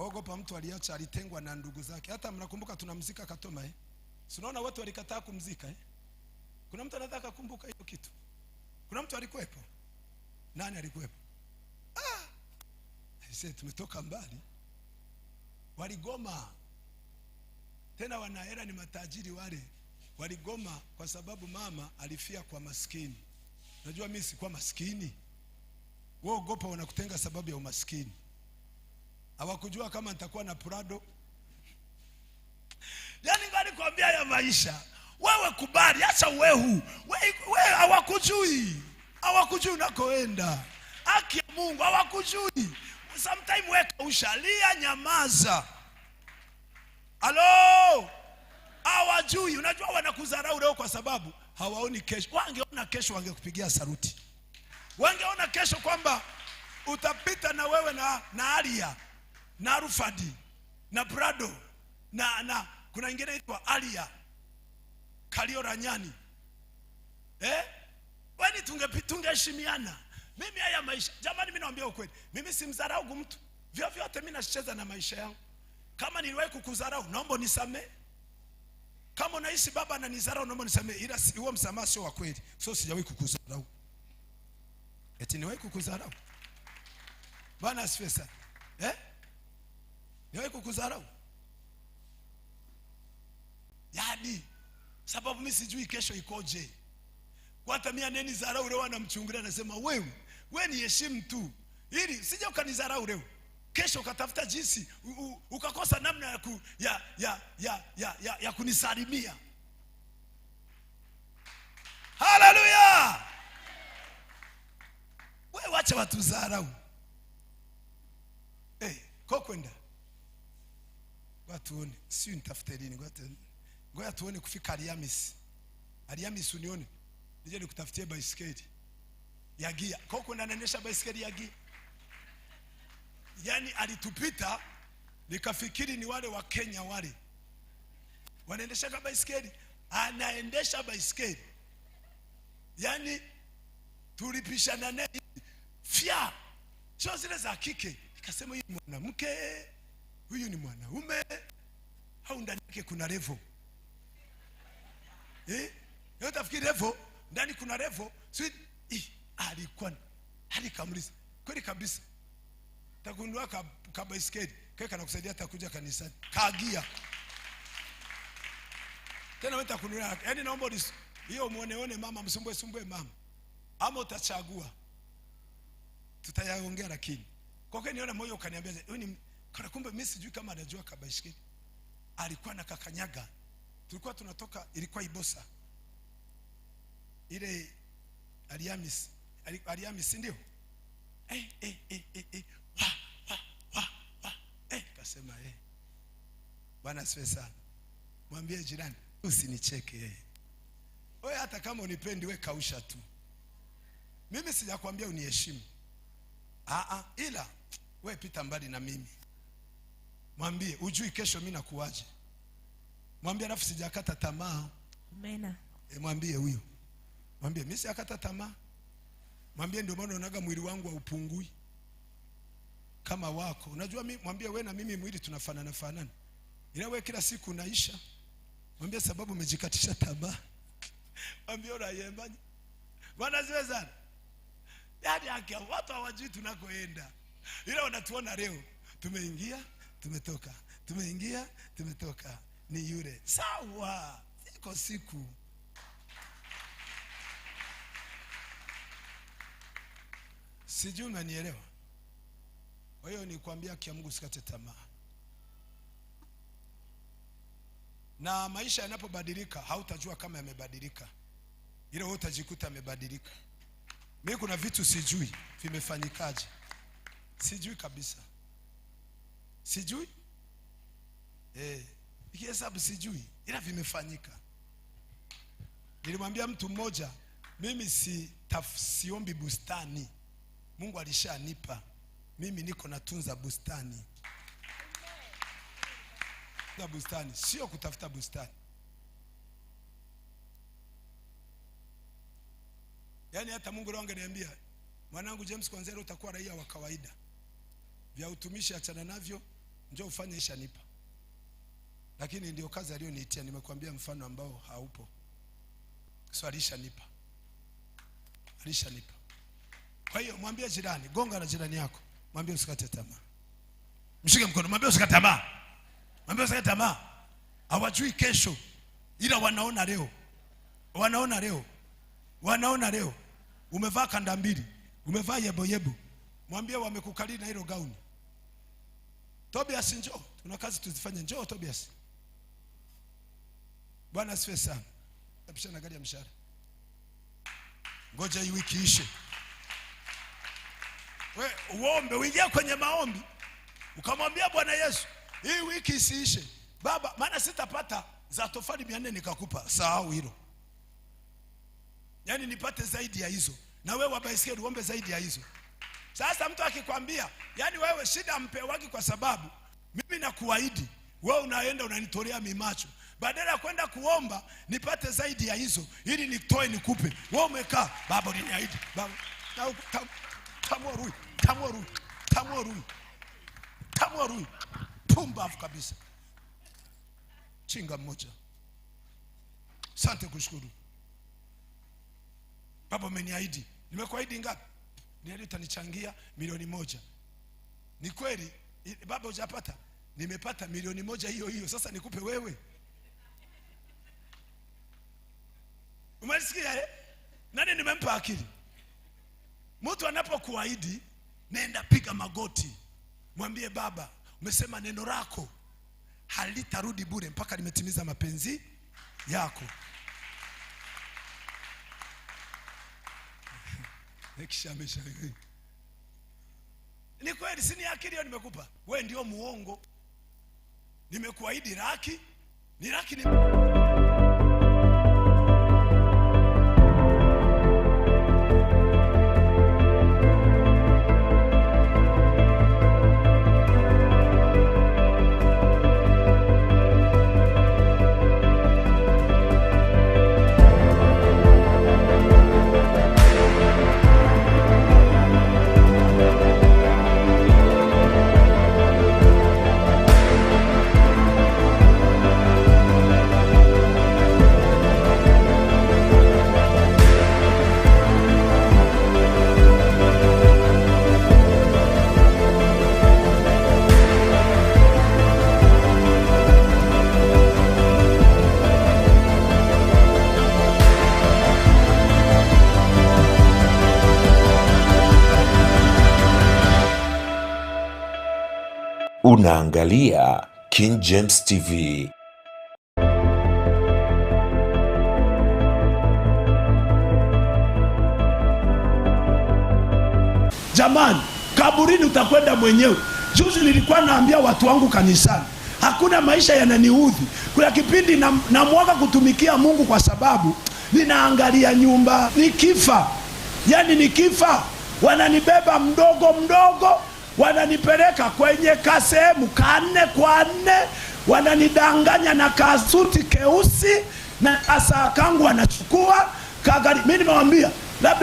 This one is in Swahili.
Waogopa mtu aliacha alitengwa na ndugu zake. Hata mnakumbuka tunamzika Katoma eh? Sinaona watu walikataa kumzika eh? Kuna mtu anataka kukumbuka hiyo kitu? Kuna mtu alikuwepo? Nani alikuwepo? Ah! Sisi tumetoka mbali. Waligoma. Tena wanahela ni matajiri wale. Waligoma kwa sababu mama alifia kwa maskini. Najua mimi si kwa maskini. Wao gopa wanakutenga sababu ya umaskini hawakujua kama nitakuwa na Prado. Yaani ngani kuambia ya maisha, wewe kubali, acha wehu wewe, hawakujui hawakujui unakoenda, haki ya Mungu hawakujui. Sometime weka kaushalia nyamaza. Halo, hawajui. Unajua wanakudharau leo kwa sababu hawaoni kesho. Wangeona kesho, wangekupigia saruti. Wangeona kesho kwamba utapita na wewe na, na alia na Rufadi na Prado na, na kuna ingine inaitwa Alia Kalio Ranyani eh? Wani tunge tungeheshimiana. Mimi haya maisha jamani, mimi naambia ukweli, mimi simdharau mtu vyovyote. Mimi nacheza na maisha yangu. Kama niliwahi kukudharau, naomba nisamee. Kama unahisi baba ananidharau, naomba nisamee, ila huo msamaha sio wa kweli. sio sijawahi kukudharau, eti niwahi kukudharau? Bwana asifiwe sana eh? niwahi kukudharau yadi sababu mi sijui kesho ikoje hata mi aneni zarau leo anamchungulia anasema wewe wewe ni heshimu tu ili yaani, sija ukanizarau leo kesho ukatafuta jinsi ukakosa namna ya, ku, ya, ya, ya, ya, ya, ya kunisalimia haleluya wewe wacha watu zarau hey, eh, kokwenda ngoja tuone, si nitafute lini, ngoja tuone kufika Aliamis, Aliamis unione nije nikutafutie baisikeli ya gia. Kwa hiyo kuna naendesha baisikeli ya gia, yaani alitupita nikafikiri ni wale wa Kenya wale wanaendesha baisikeli, anaendesha baisikeli yaani tulipishana naye fya, sio zile za kike. Nikasema huyu ni mwanamke, huyu ni mwanaume au ndani yake kuna revo eh? Yote afikiri level ndani kuna level si alikuwa hadi kweli kabisa, takundua ka, ka baiskeli kaka nakusaidia takuja kanisani kagia tena wewe takunulia, yaani naomba ulis hiyo muone one mama msumbue sumbue mama, ama utachagua tutayaongea, lakini kwa kweli niona moyo ukaniambia "Wewe ni kana, kumbe mimi sijui kama anajua kabaiskeli alikuwa na kakanyaga, tulikuwa tunatoka, ilikuwa Ibosa ile Alhamisi, Alhamisi ndio eh, eh, eh, eh, eh. Wa, wa, wa, wa. Eh, kasema eh. Bwana asifiwe sana. Mwambie jirani usinicheke eh. Wewe hata kama unipendi we kausha tu. Mimi sijakwambia uniheshimu. Ah ah, ila wewe pita mbali na mimi. Mwambie ujui kesho mimi nakuwaje. Mwambie alafu sijakata tamaa. Amina. E, mwambie huyo. Mwambie mimi sijakata tamaa. Mwambie ndio maana unaga mwili wangu haupungui. Wa kama wako. Unajua mimi mwambie wewe na mimi mwili tunafanana fanana. Ila wewe kila siku unaisha. Mwambie sababu umejikatisha tamaa. Mwambie unayembaje. Bwana ziwe sana. Yaani watu hawajui tunakoenda. Ila wanatuona leo tumeingia tumetoka, tumeingia, tumetoka, ni yule. Sawa, iko siku sijui unanielewa. Kwa hiyo kuambia kia Mungu sikate tamaa, na maisha yanapobadilika hautajua kama yamebadilika, ila wewe utajikuta amebadilika. Mimi kuna vitu sijui vimefanyikaje, sijui kabisa sijui eh, ikihesabu sijui, ila vimefanyika. Nilimwambia mtu mmoja, mimi si siombi bustani, Mungu alishanipa mimi, niko natunza bustani na bustani, sio kutafuta bustani. Yaani hata Mungu leo angeniambia mwanangu James, kwanza utakuwa raia wa kawaida, vya utumishi achana navyo njoo ufanye ishanipa. Lakini ndio kazi aliyoniitia, nimekuambia mfano ambao haupo. So alishanipa, alishanipa. Kwa hiyo mwambie jirani, gonga na jirani yako, mwambie usikate tamaa, mshike mkono, mwambie usikate tamaa, mwambie usikate tamaa. Hawajui kesho, ila wanaona leo, wanaona leo, wanaona leo. Umevaa kanda mbili, umevaa yebo yebo, mwambie wamekukalii na hilo gauni. Tobias njoo, tuna kazi tuzifanye. Njoo Tobias. Bwana asifiwe sana. Napishana gari ya mshahara, ngoja hii wiki ishe, we uombe, uingie kwenye maombi ukamwambia Bwana Yesu, hii wiki isiishe Baba, maana sitapata za tofali 400 nikakupa. Sahau hilo, yaani nipate zaidi ya hizo, na wewe wa baisikeli uombe zaidi ya hizo. Sasa mtu akikwambia, yani wewe shida mpewaki kwa sababu mimi nakuahidi wewe unaenda unanitolea mimacho, badala ya kwenda kuomba nipate zaidi ya hizo ili nitoe nikupe. Wewe umekaa baba, uliniahidi baba, tamorui pumbavu kabisa, chinga mmoja. Asante kushukuru baba, umeniahidi. Nimekuahidi ngapi? ndio utanichangia milioni moja. Ni kweli baba, hujapata? Nimepata milioni moja hiyo hiyo, sasa nikupe wewe. Umesikia eh? Nani nimempa akili? Mtu anapokuahidi nenda, piga magoti, mwambie Baba, umesema neno lako halitarudi bure mpaka limetimiza mapenzi yako. Ni kweli, si ni akili nimekupa? We ndio muongo, nimekuahidi raki ni raki ni Unaangalia King James TV. Jamani, kaburini utakwenda mwenyewe. Juzi nilikuwa naambia watu wangu kanisani, hakuna maisha yananiudhi. Kuna kipindi na na kutumikia Mungu kwa sababu ninaangalia nyumba, nikifa, yani nikifa wananibeba mdogo mdogo wananipeleka kwenye kasehemu kanne kwa nne, wananidanganya na kasuti keusi na kasaa kangu wanachukua kagari. Mi nimewambia labda